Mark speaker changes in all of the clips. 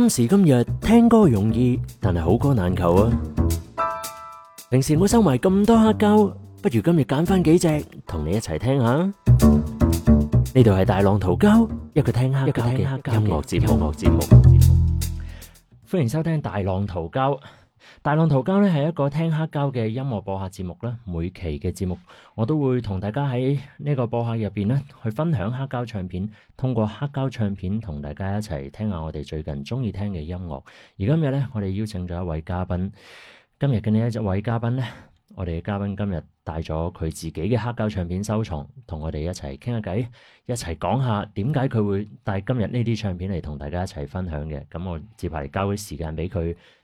Speaker 1: 今時今日聽歌容易，但係好歌難求啊！平時我收埋咁多黑膠，不如今日揀翻幾隻同你一齊聽下。呢度係大浪淘膠，一個聽黑膠嘅，一個聽黑膠嘅音樂節目，音樂節目。歡迎收聽大浪淘膠。大浪淘膠咧係一個聽黑膠嘅音樂播客節目啦，每期嘅節目我都會同大家喺呢個播客入邊咧去分享黑膠唱片，通過黑膠唱片同大家一齊聽下我哋最近鍾意聽嘅音樂。而今日咧，我哋邀請咗一位嘉賓。今日嘅呢一位嘉賓咧，我哋嘅嘉賓今日帶咗佢自己嘅黑膠唱片收藏，同我哋一齊傾下偈，一齊講下點解佢會帶今日呢啲唱片嚟，同大家一齊分享嘅。咁我接下嚟交啲時間俾佢。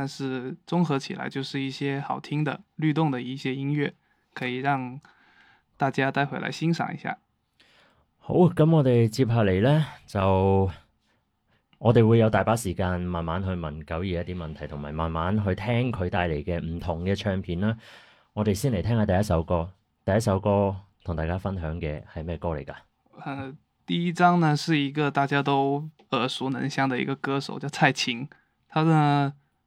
Speaker 2: 但是綜合起來就是一些好聽的律動的一些音樂，可以讓大家待會來欣賞一下。
Speaker 1: 好，咁我哋接下嚟呢，就我哋會有大把時間慢慢去問九二一啲問題，同埋慢慢去聽佢帶嚟嘅唔同嘅唱片啦。我哋先嚟聽下第一首歌，第一首歌同大家分享嘅係咩歌嚟噶？
Speaker 2: 呃，第一張呢是一個大家都耳熟能詳嘅一個歌手，叫蔡琴，佢呢。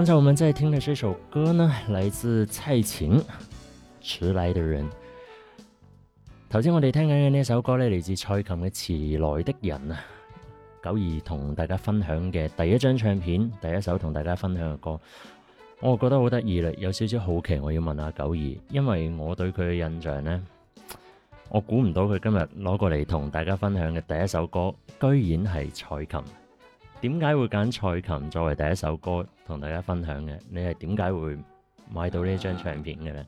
Speaker 1: 剛才我們在聽的這首歌呢，來自蔡琴《遲來的人》。頭先我哋聽緊嘅呢首歌呢，嚟自蔡琴嘅《遲來的人》啊。九二同大家分享嘅第一張唱片，第一首同大家分享嘅歌，我覺得好得意啦，有少少好奇，我要問下九二，因為我對佢嘅印象呢，我估唔到佢今日攞過嚟同大家分享嘅第一首歌，居然係蔡琴。點解會揀蔡琴作為第一首歌同大家分享嘅？你係點解會買到呢張唱片嘅咧？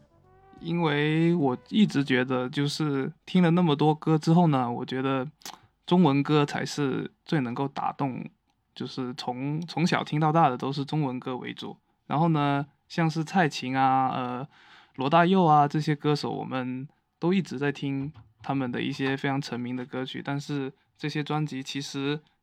Speaker 2: 因為我一直覺得，就是聽了那麼多歌之後呢，我覺得中文歌才是最能夠打動，就是從從小聽到大的都是中文歌為主。然後呢，像是蔡琴啊、呃羅大佑啊這些歌手，我們都一直在聽他們的一些非常成名的歌曲，但是這些專輯其實。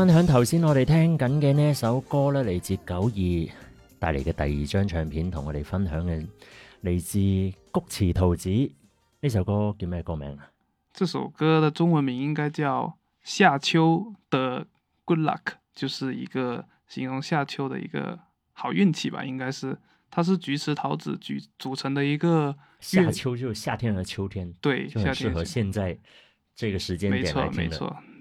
Speaker 1: 分享頭先我哋聽緊嘅呢一首歌咧，嚟自九二帶嚟嘅第二張唱片，同我哋分享嘅，嚟自菊池桃子。呢首歌叫咩歌名啊？
Speaker 2: 這首歌嘅中文名應該叫夏秋的 Good Luck，就是一個形容夏秋嘅一個好運氣吧，應該是。它是菊池桃子組成嘅一個。夏秋就是夏天和秋天。對，夏天很適合現在這個時間點嚟聽的。沒錯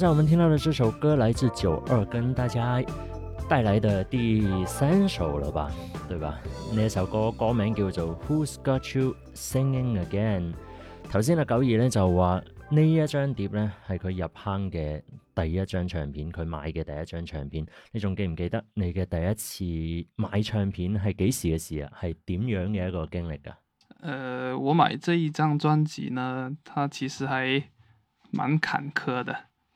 Speaker 1: 現在我們聽到的這首歌來自九二，跟大家帶來的第三首了吧，對吧？呢首歌歌名叫做《Who's Got You Singing Again》。頭先阿九二咧就話呢一張碟咧係佢入坑嘅第一張唱片，佢買嘅第一張唱片。你仲記唔記得你嘅第一次買唱片係幾時嘅事啊？係點樣嘅一個經歷噶？
Speaker 2: 誒、呃，我買這一張專輯呢，它其實還蠻坎坷的。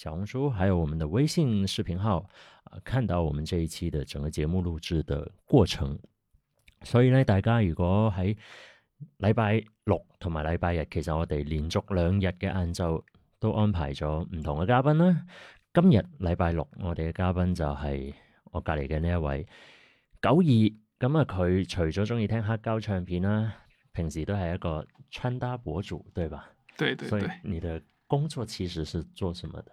Speaker 1: 小紅書，還有我們的微信視頻號，呃，看到我們這一期的整個節目錄製的過程。所以呢，大家如果喺禮拜六同埋禮拜日，其實我哋連續兩日嘅晏晝都安排咗唔同嘅嘉賓啦。今日禮拜六，我哋嘅嘉賓就係我隔籬嘅呢一位九二。咁啊，佢除咗中意聽黑膠唱片啦，平時都係一個穿搭博主，對吧？對，對對。所以你的工作其實是做什麼的？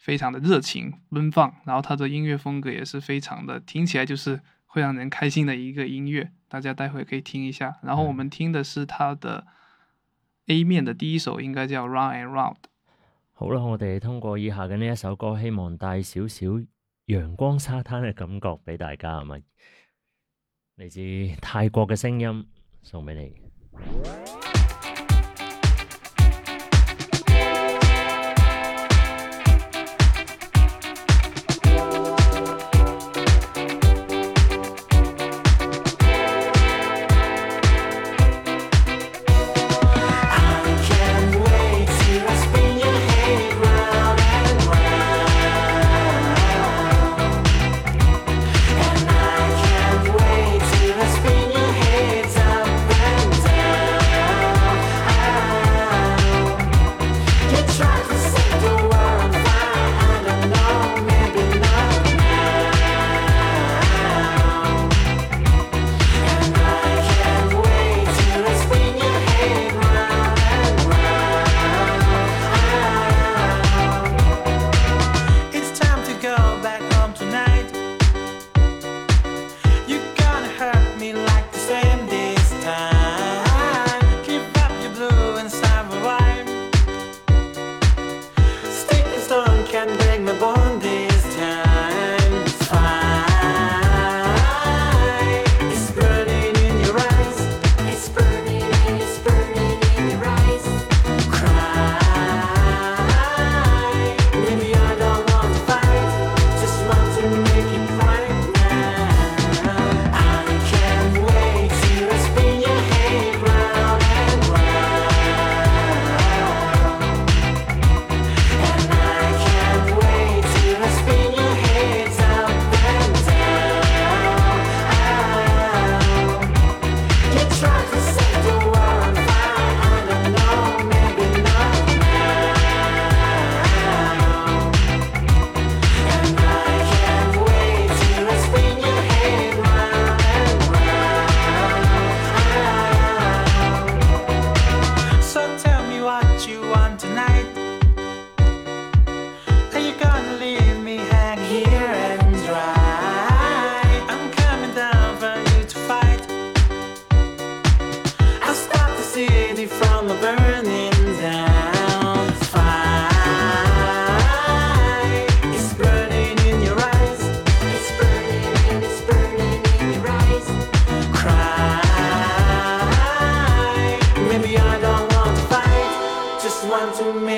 Speaker 2: 非常的熱情奔放，然後他的音樂風格也是非常的，聽起來就是會讓人開心的一個音樂，大家待會可以聽一下。然後我們聽的是他的 A 面的第一首，應該叫《Run and Round》。
Speaker 1: 好啦，我哋通過以下嘅呢一首歌，希望帶少少陽光沙灘嘅感覺俾大家，係咪？嚟自泰國嘅聲音送俾你。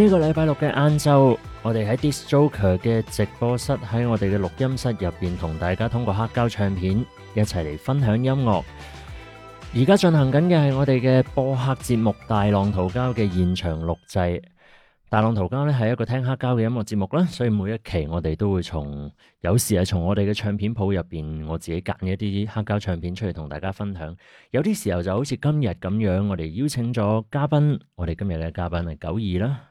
Speaker 1: 呢、這個禮拜六嘅晏晝，我哋喺 Diss Joker 嘅直播室，喺我哋嘅錄音室入邊，同大家通過黑膠唱片一齊嚟分享音樂。而家進行緊嘅係我哋嘅播客節目《大浪淘膠》嘅現場錄製。《大浪淘膠》咧係一個聽黑膠嘅音樂節目啦，所以每一期我哋都會從有時係從我哋嘅唱片鋪入邊，我自己揀一啲黑膠唱片出嚟同大家分享。有啲時候就好似今日咁樣，我哋邀請咗嘉賓。我哋今日嘅嘉賓係九二啦。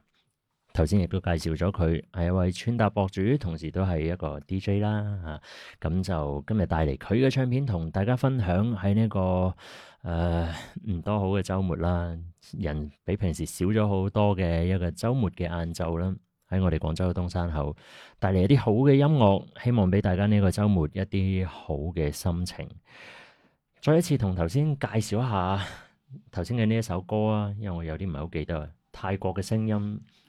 Speaker 1: 頭先亦都介紹咗佢係一位穿搭博主，同時都係一個 DJ 啦、啊、嚇。咁就今日帶嚟佢嘅唱片，同大家分享喺呢、這個誒唔、呃、多好嘅周末啦，人比平時少咗好多嘅一個周末嘅晏晝啦，喺我哋廣州嘅東山口帶嚟一啲好嘅音樂，希望俾大家呢個周末一啲好嘅心情。再一次同頭先介紹一下頭先嘅呢一首歌啊，因為我有啲唔係好記得，啊，泰國嘅聲音。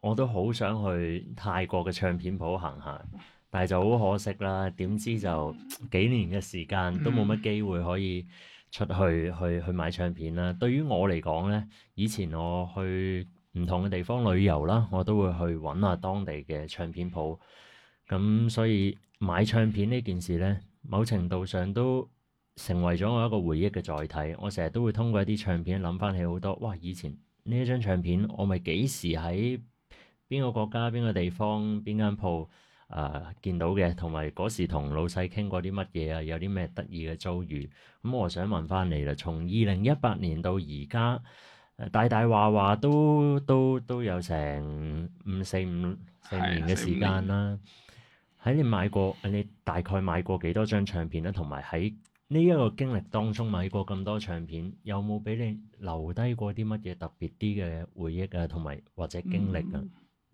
Speaker 1: 我都好想去泰國嘅唱片鋪行下，但係就好可惜啦。點知就幾年嘅時間都冇乜機會可以出去去去買唱片啦。對於我嚟講咧，以前我去唔同嘅地方旅遊啦，我都會去揾下當地嘅唱片鋪。咁所以買唱片呢件事咧，某程度上都成為咗我一個回憶嘅載體。我成日都會通過一啲唱片諗翻起好多，哇！以前呢一張唱片，我咪幾時喺？邊個國家、邊個地方、邊間鋪啊？見到嘅同埋嗰時同老細傾過啲乜嘢啊？有啲咩得意嘅遭遇？咁、嗯、我想問翻你啦，從二零一八年到而家，大大話話都都都有成五四五年四五年嘅時間啦。喺你買過，你大概買過幾多張唱片咧？同埋喺呢一個經歷當中買過咁多唱片，有冇俾你留低過啲乜嘢特別啲嘅回憶啊？同埋或者經歷啊？嗯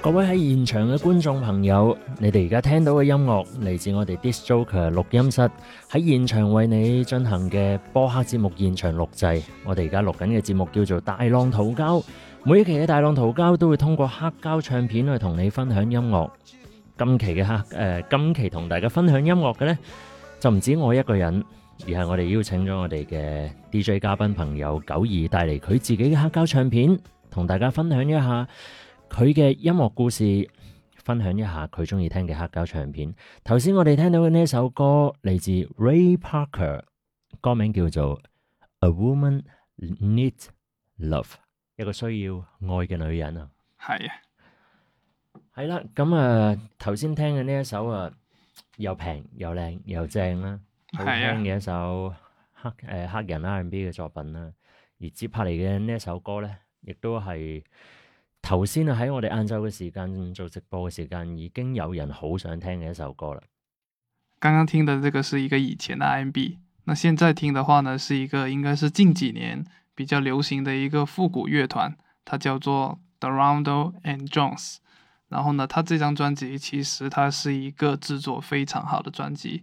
Speaker 1: 各位喺現場嘅觀眾朋友，你哋而家聽到嘅音樂嚟自我哋 Diss Joker 錄音室喺現場為你進行嘅播客節目現場錄製。我哋而家錄緊嘅節目叫做《大浪淘膠》，每一期嘅《大浪淘膠》都會通過黑膠唱片去同你分享音樂。今期嘅吓、誒，今期同大家分享音樂嘅呢，就唔止我一個人。而係我哋邀請咗我哋嘅 DJ 嘉賓朋友九二帶嚟佢自己嘅黑膠唱片，同大家分享一下佢嘅音樂故事，分享一下佢中意聽嘅黑膠唱片。頭先我哋聽到嘅呢一首歌嚟自 Ray Parker，歌名叫做 A Woman Needs Love，一個需要愛嘅女人啊。係啊，係、嗯、啦。咁、嗯、啊，頭、嗯、先聽嘅呢一首啊，又平又靚又正啦。好聽嘅一首黑誒、yeah. 黑人 R&B 嘅作品啦，而接拍嚟嘅呢一首歌咧，亦都係頭先啊喺我哋晏晝嘅時間做直播嘅時間，已經有人好想聽嘅一首歌啦。
Speaker 2: 剛剛聽的呢個是一個以前嘅 R&B，那現在聽嘅話呢，是一個應該是近幾年比較流行嘅一個復古樂團，它叫做 The Roundo and Jones。然後呢，它這張專輯其實它是一個製作非常好嘅專輯。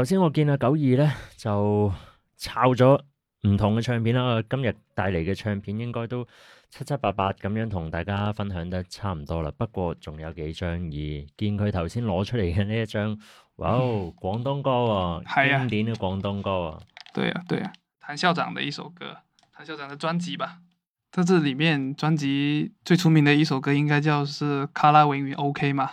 Speaker 1: 頭先我見阿九二咧就抄咗唔同嘅唱片啦，今日帶嚟嘅唱片應該都七七八八咁樣同大家分享得差唔多啦。不過仲有幾張，而見佢頭先攞出嚟嘅呢一張，哇哦，廣東歌喎，係啊，經典嘅廣東歌啊。
Speaker 2: 對啊，對啊，譚校長嘅一首歌，譚校長嘅專輯吧。佢喺裏面專輯最出名嘅一首歌應該叫是《卡拉永遠 OK》嘛。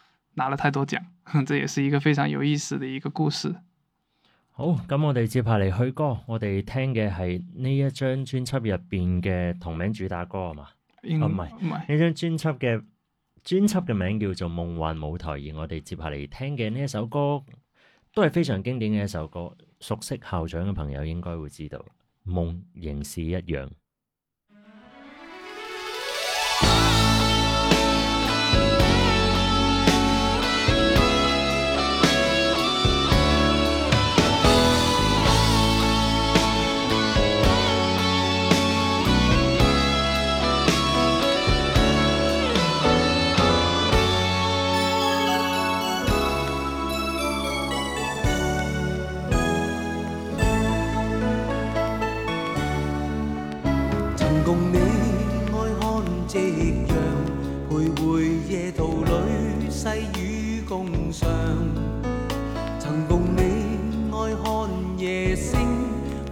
Speaker 2: 拿了太多獎，這也是一個非常有意思的一個故事。
Speaker 1: 好，咁我哋接下嚟去歌。我哋聽嘅係呢一張專輯入邊嘅同名主打歌係嘛？唔係呢張專輯嘅專輯嘅名叫做《夢幻舞台》，而我哋接下嚟聽嘅呢一首歌都係非常經典嘅一首歌，熟悉校長嘅朋友應該會知道《夢仍是一樣》。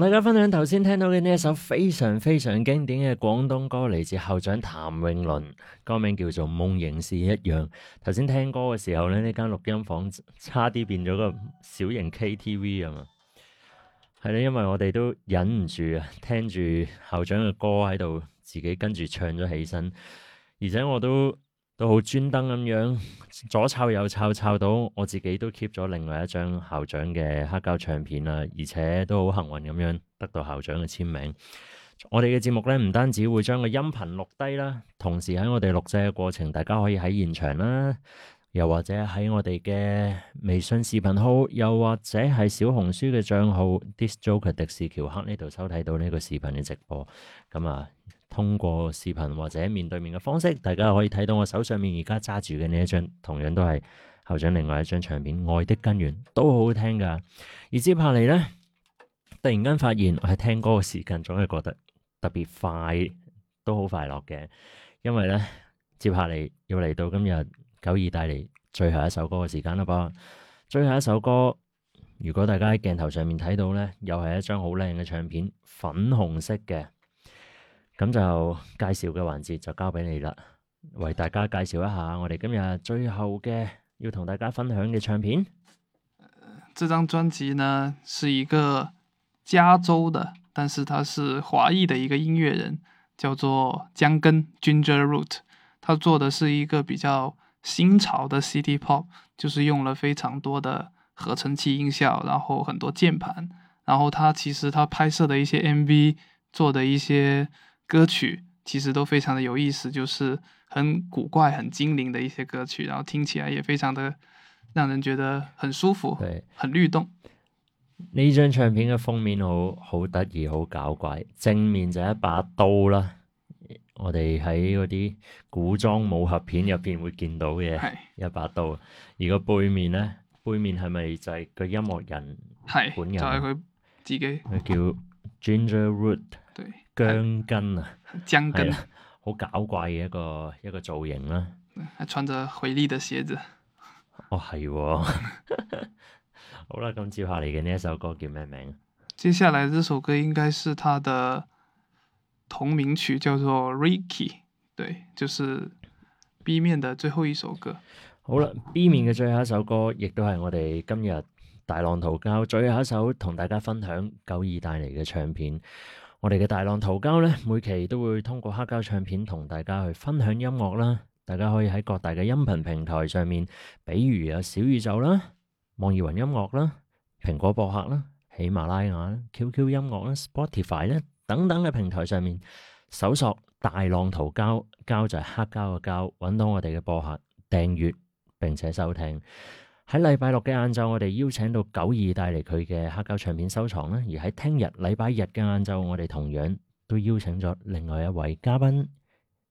Speaker 1: 同大家分享頭先聽到嘅呢首非常非常經典嘅廣東歌，嚟自校長譚詠麟，歌名叫做《夢仍是一樣》。頭先聽歌嘅時候呢，呢間錄音房差啲變咗個小型 KTV 啊嘛。係咧，因為我哋都忍唔住啊，聽住校長嘅歌喺度，自己跟住唱咗起身，而且我都。都好專登咁樣左抄右抄抄到我自己都 keep 咗另外一張校長嘅黑膠唱片啦，而且都好幸運咁樣得到校長嘅簽名。我哋嘅節目咧，唔單止會將個音頻錄低啦，同時喺我哋錄製嘅過程，大家可以喺現場啦，又或者喺我哋嘅微信視頻號，又或者係小紅書嘅帳號 Diss Joker 迪士喬克呢度收睇到呢個視頻嘅直播。咁啊～通過視頻或者面對面嘅方式，大家可以睇到我手上面而家揸住嘅呢一張，同樣都係校長另外一張唱片《愛的根源》，都好好聽噶。而接下嚟呢，突然間發現我係聽歌嘅時間，總係覺得特別快，都好快樂嘅。因為呢，接下嚟要嚟到今日九二帶嚟最後一首歌嘅時間啦噃。最後一首歌，如果大家喺鏡頭上面睇到呢，又係一張好靚嘅唱片，粉紅色嘅。咁就介紹嘅環節就交俾你啦，為大家介紹一下我哋今日最後嘅要同大
Speaker 2: 家分享嘅唱片。這張專輯呢，是一個加州的，但是他是華裔嘅一個音樂人，叫做薑根 （Ginger Root）。他做嘅是一個比較新潮嘅 City Pop，就是用了非常多的合成器音效，然後很多鍵盤，然後他其實他拍攝的一些 MV，做的一些。歌曲其實都非常的有意思，就是很古怪、很精靈的一些歌曲，然後聽起來也非常的讓人覺得很舒服，對，很律動。
Speaker 1: 呢張唱片嘅封面好好得意、好搞怪，正面就一把刀啦，我哋喺嗰啲古裝武俠片入邊會見到嘅一把刀。而個背面呢，背面係咪就係個音樂人本人？係，就係佢自己，佢叫 Ginger Root。對。姜根啊，姜根，好、啊嗯、搞怪嘅一個一個造型啦、
Speaker 2: 啊。還、啊、穿着回力嘅鞋子。
Speaker 1: 哦，係、哦。 好啦，咁接下嚟嘅呢一首歌叫咩名？
Speaker 2: 接下來呢首歌應該是他的同名曲，叫做《Ricky》。對，就是 B 面嘅最後一首歌。嗯、好啦，B 面嘅最
Speaker 1: 後一首歌，亦都係我哋今日大浪淘膠最後一首同大家分享九二帶嚟嘅唱片。我哋嘅大浪淘膠咧，每期都會通過黑膠唱片同大家去分享音樂啦。大家可以喺各大嘅音頻平台上面，比如有小宇宙啦、網易雲音樂啦、蘋果播客啦、喜馬拉雅啦、QQ 音樂啦、Spotify 啦等等嘅平台上面搜索大浪淘膠，膠就係黑膠嘅膠，揾到我哋嘅播客訂閱並且收聽。喺禮拜六嘅晏晝，我哋邀請到九二帶嚟佢嘅黑膠唱片收藏啦。而喺聽日禮拜日嘅晏晝，我哋同樣都邀請咗另外一位嘉賓，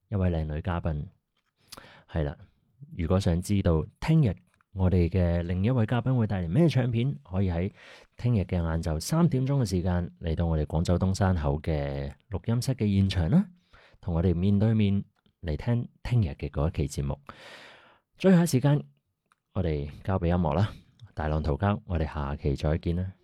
Speaker 1: 一位靚女嘉賓。係啦，如果想知道聽日我哋嘅另一位嘉賓會帶嚟咩唱片，可以喺聽日嘅晏晝三點鐘嘅時間嚟到我哋廣州東山口嘅錄音室嘅現場啦，同我哋面對面嚟聽聽日嘅嗰一期節目。最後一時間。我哋交畀音樂啦，大浪淘膠，我哋下期再見啦。